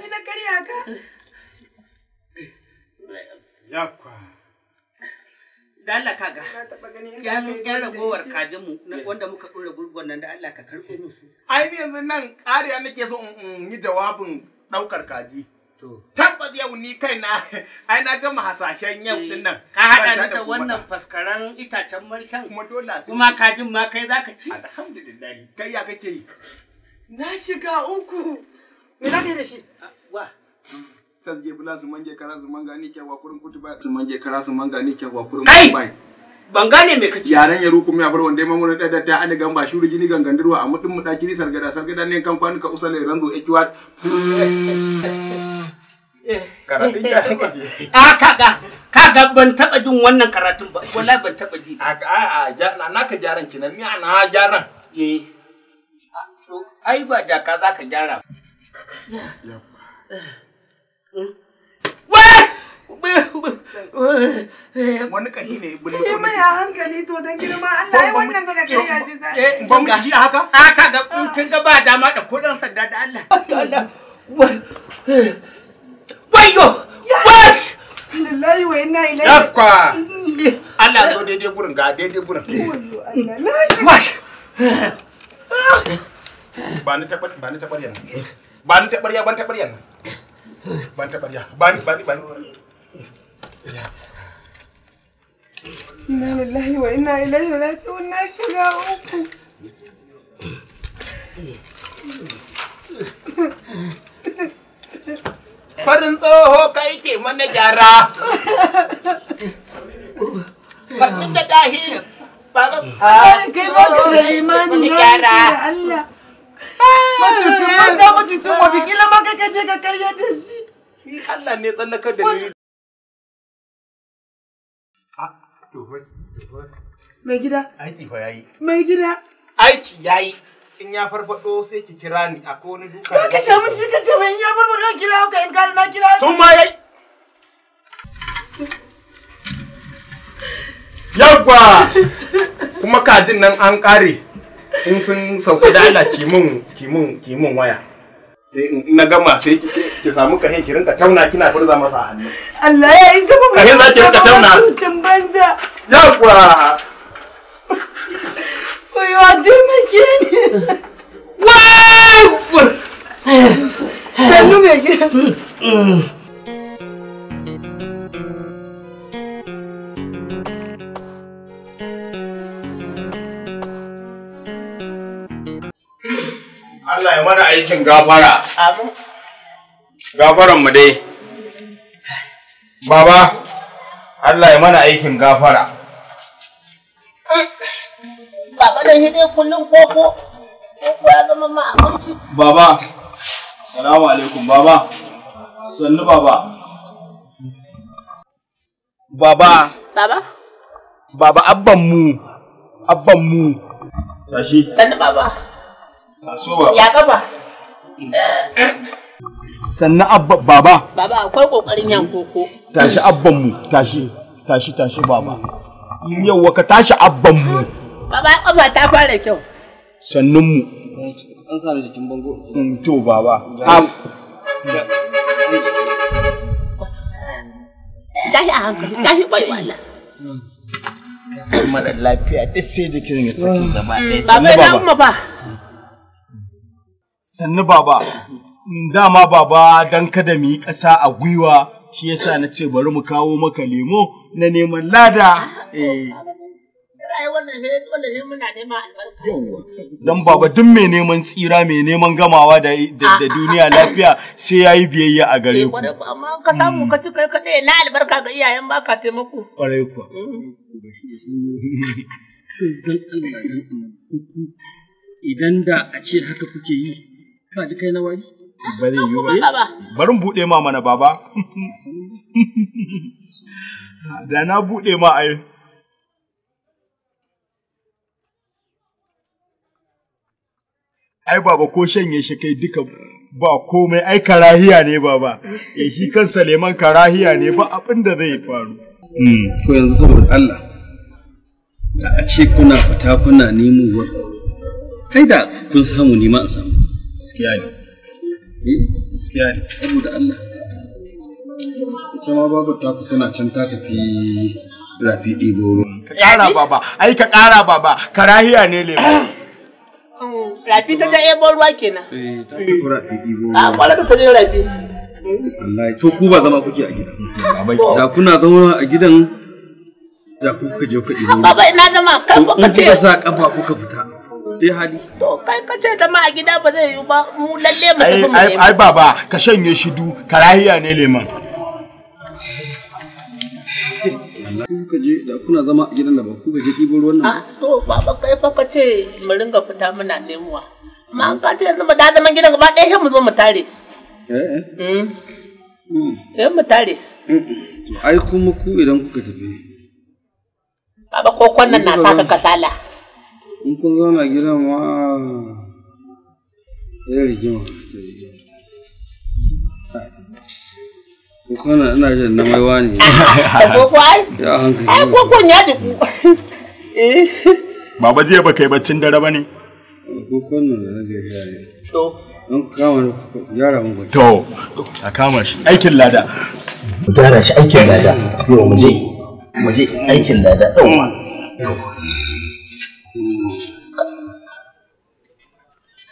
Ni na karya ka? Yakwa. Da Allah ka ga. Yan ragowar kajinmu wanda muka ɗora gurgon nan da Allah ka karɓo musu. Ai yanzu nan ƙariya nake so in yi jawabin ɗaukar kaji. Tabbas yau ni kai na ai na gama hasashen yau eh, din nan. Ka haɗa ni da wannan faskaran itacen marken. Kuma dole Kuma kajin ma kai zaka ci. Alhamdulillah. Kai ya kake yi? Na shiga uku. Me za ka da shi? Wa. Sas je bula su manje kara su manga ni kyawa kurin kuti ba su manje kara su manga ni kyawa kurin kuti ba. Ban gane me kake. Yaran ya ruku miya farwan dai mamun da ta ani gamba shuru gini gangandirwa a mutum muda kiri sargada sargada ne kan kwani ka usale ranzo ekiwa. Karatun ya eh, eh, kake. Eh, a ah, kaga kaga ban taba jin wannan karatun ba wallahi ban taba ji. A a a naka jaran kinan ni ana jaran. Eh. Ah, ai ba jaka zaka gyara. wani kashi ne bulli ko nake ya hankali to dan girma Allah ai wannan ga kai ya shi zai ban eh, kashi a haka haka ga kun ga ba dama da kudin sanda da Allah Allah wayo wai lillahi wa inna ilaihi yakwa Allah zo daidai ga daidai wai ba ni ba ni ba ni ban taɓarya ban taɓarya ba ni ba Inna lillahi wa inna ilaihi raji'un na shiga uku. Farin tsoho kai ke mana gyara. Farin da tahi. Baba. Kai ba ka da Allah. Macucin banza macucin ma bikila ma kai kaje ka karya da shi. Ni Allah ne tsallakar da ni. Ah, Mai gida. Aiki fa yayi. Mai gida. Aiki yayi. In ya farfado sai ki kira ni a wani duka. Kar ka sha mutu ka ce in ya farfado kira ka in kana na kira. Sun ma yayi. Yawwa! Kuma kajin nan an ƙare. in sun sauka da Allah ki mun ki mun ki mun waya sai in na gama sai ki samu kahin ki rinka tauna kina furza masa a hannu Allah ya yi zama mu kahin za rinka tauna tutun banza yawa wai wa dai make ni sannu mai gidan mm, mm. Allah ya mana aikin gafara. Amin. Gafaran mu dai. Baba, Allah ya mana aikin gafara. Baba da yi dai kullum koko. Koko ya zama ma abinci. Baba, Assalamu alaikum baba. Sannu baba. Baba. Baba? Baba abban mu. Abban mu. Tashi. Sannu baba. Ya kafa. Sannan abba baba. Baba akwai kokarin yan koko. Tashi abban mu tashi tashi tashi baba. Yawwa ka tashi abban mu. Baba kafa ta fara kyau. sannan mu. An sa jikin bango. Mm, to baba. Tashi a hankali tashi bai wala. Mm. Sai mara lafiya duk sai jikin ya saki gaba ɗaya. Baba ina umma fa. sannu baba dama baba dan kada mu yi ƙasa a gwiwa shi yasa na ce bari mu kawo maka lemo na neman lada eh. don baba duk mai neman tsira mai neman gamawa da duniya lafiya sai ya yi biyayya a gare eh, ku amma ka samu mm. ka ci kai kaɗai na albarka ga iyayen baka taimako ƙwarai kuwa mm. idan da a ce haka kuke yi Ka ji kai na wari? Ba zai yiwu ba. Barin buɗe ma mana baba. Da na buɗe ma ai. Ai baba ko shanye shi kai duka ba komai ai karahiya ne baba. Eh shi kan leman karahiya ne ba abin da zai faru. Hmm. To yanzu saboda Allah. Da a ce kuna fita kuna nemo wa. Kai da kun samu nima a samu. Gaskiya ne. Eh? Gaskiya ne, saboda Allah. Ita ma babu ta tana can ta tafi rafi ɗibo ruwan. Ka ƙara baba, ai ka ƙara baba, karahiya ne lemo. Ah! Hmm, rafi ta je ebo ruwa kenan. Eh, ta tafi hmm. rafi ibo. A ah, ta je rafi. to ku ba zama kuke a gidan. Hmm, da kuna zama a gidan da kuka je kuɗi. Baba ina zama kan ce. sa kafa fita. sai hali to kai ka ce ta ma a gida ba zai yi ba mu lalle mu tafi mu ai ai baba ka shanye shi du karahiya ne leman ku ka je da kuna zama a gidan da ba ku ga jiki ba ruwan nan ah, to baba kai fa ka ce mu ringa fita muna nemuwa ma ka ce yanzu ba da zaman gidan gaba ɗaya sai mu zo mu tare eh eh hmm. Hmm. sai mu tare hmm, ai kuma ku idan kuka tafi baba kokon nan na saka kasala in zauna gidan ma ya rigima Kokonan ina jin na ne. Ya hankali. Ai kokon ya Baba jiya ba kai baccin dare ba ne? Kokonan da nake To. kama yara mun To, a kama shi aikin lada. Gyara shi aikin lada. Yau mu je. Mu je aikin lada. Yau.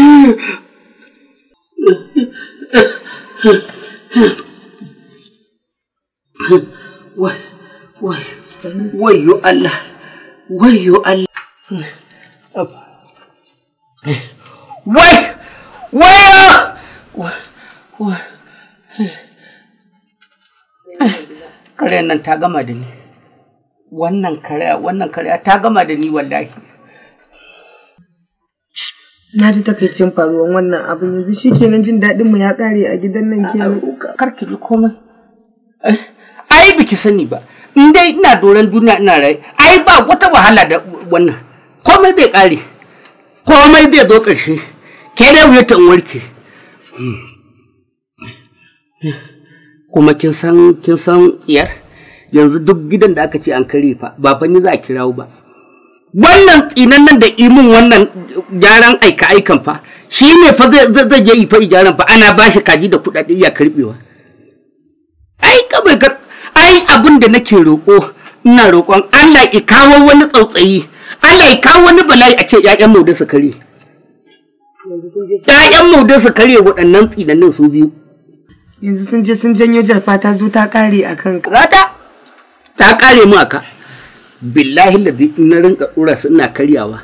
Wai, wai, Allah, Allah. Wai, Wai! nan ta gama da ni. Wannan karya, wannan karya ta gama da ni wallahi. Na ji takaicin faruwan wannan abu yanzu shi kenan jin daɗin mu ya ƙare a gidan nan ke Kar ki ji komai. Ai biki sani ba. In dai ina doron duniya ina rai. Ai ba wata wahala da wannan. Komai zai ƙare. Komai zai zo ƙarshe. Ke dai wuya ta warke. Hmm. Kuma kin san kin san tsiyar? Yanzu duk gidan da aka ce an kare fa ba fa ni za a kirawo ba. wannan nan da imun wannan gyaran aika aikan fa shi ne fa zai je ifa gyaran fa ana ba shi kaji da kuɗaɗe iya karbewa ai ka bai ai abin da nake roƙo ina roƙon Allah ya kawo wani tsautsayi Allah ya kawo wani bala'i a ce ƴaƴan mu da su kare ƴaƴan mu da su kare waɗannan nan su biyu yanzu sun je sun janyo jarfa ta zo ta kare akan ka ta kare mu aka billahi ladhi na rinka dora su ina karyawa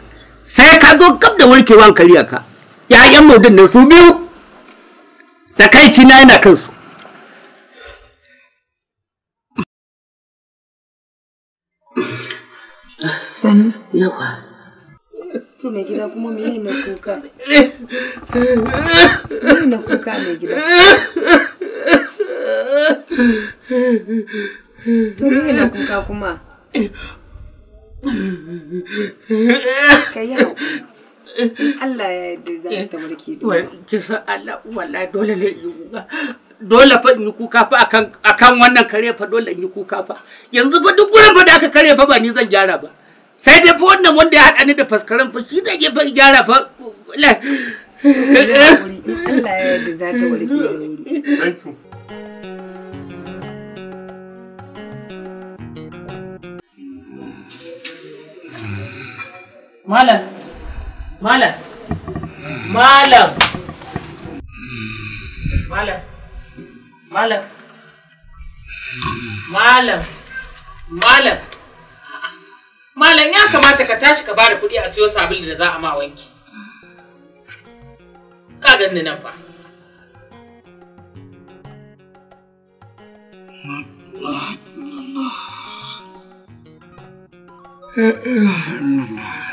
sai ka zo gab da warkewan karya ka ƴaƴan maudin nan su biyu ci na yana kansu Sani. Yawa. To me gida kuma me yi kuka? Me yi na kuka me gida? To me yi kuka kuma? yi Allah wannan kare fa dole fa yanzu fa duk gurin fa da aka kare fa ba ni zan gyara ba sai dai fa wannan wanda ya haɗa ni da faskaran fa shi zai fa gyara fa Allah ya yarda za Malam. Malam. Malam. Malam. Malam. Malam. Malam. Malam ya kamata ka tashi ka bada kuɗi a siyo sabulu da za a ma wanki. Ka ganni nan fa. Allah Allah.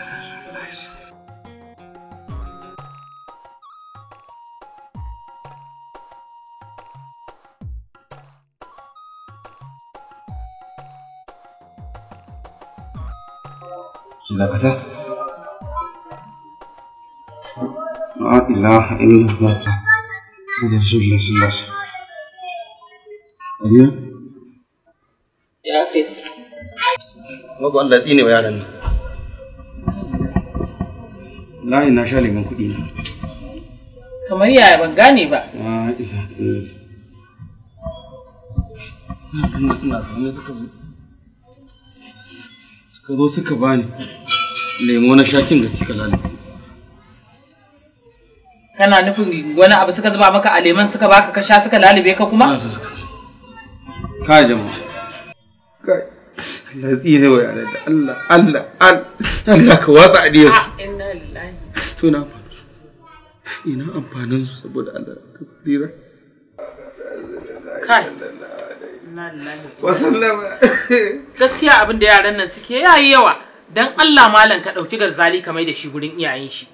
dakata la ilaha illallah rasulullah sallallahu alaihi wasallam ya kai babu Allah tsine wa yaran nan layi na sha lemun kuɗi na kamar yaya ban gane ba la ilaha illallah ina ganin suka ka zo suka bani lemo na shakin da suka lalace kana nufin wani abu suka zuba maka a leman suka baka ka sha suka lalube ka kuma ka jama kai Allah tsire wa yare da Allah Allah Allah ka watsa a diyar ah, inna lillahi to na ina amfanin su saboda Allah ka tsira kai gaskiya abin da yaran nan suke yayi yawa dan Allah malam ka dauki garzali ka mai da shi gurin iyayen shi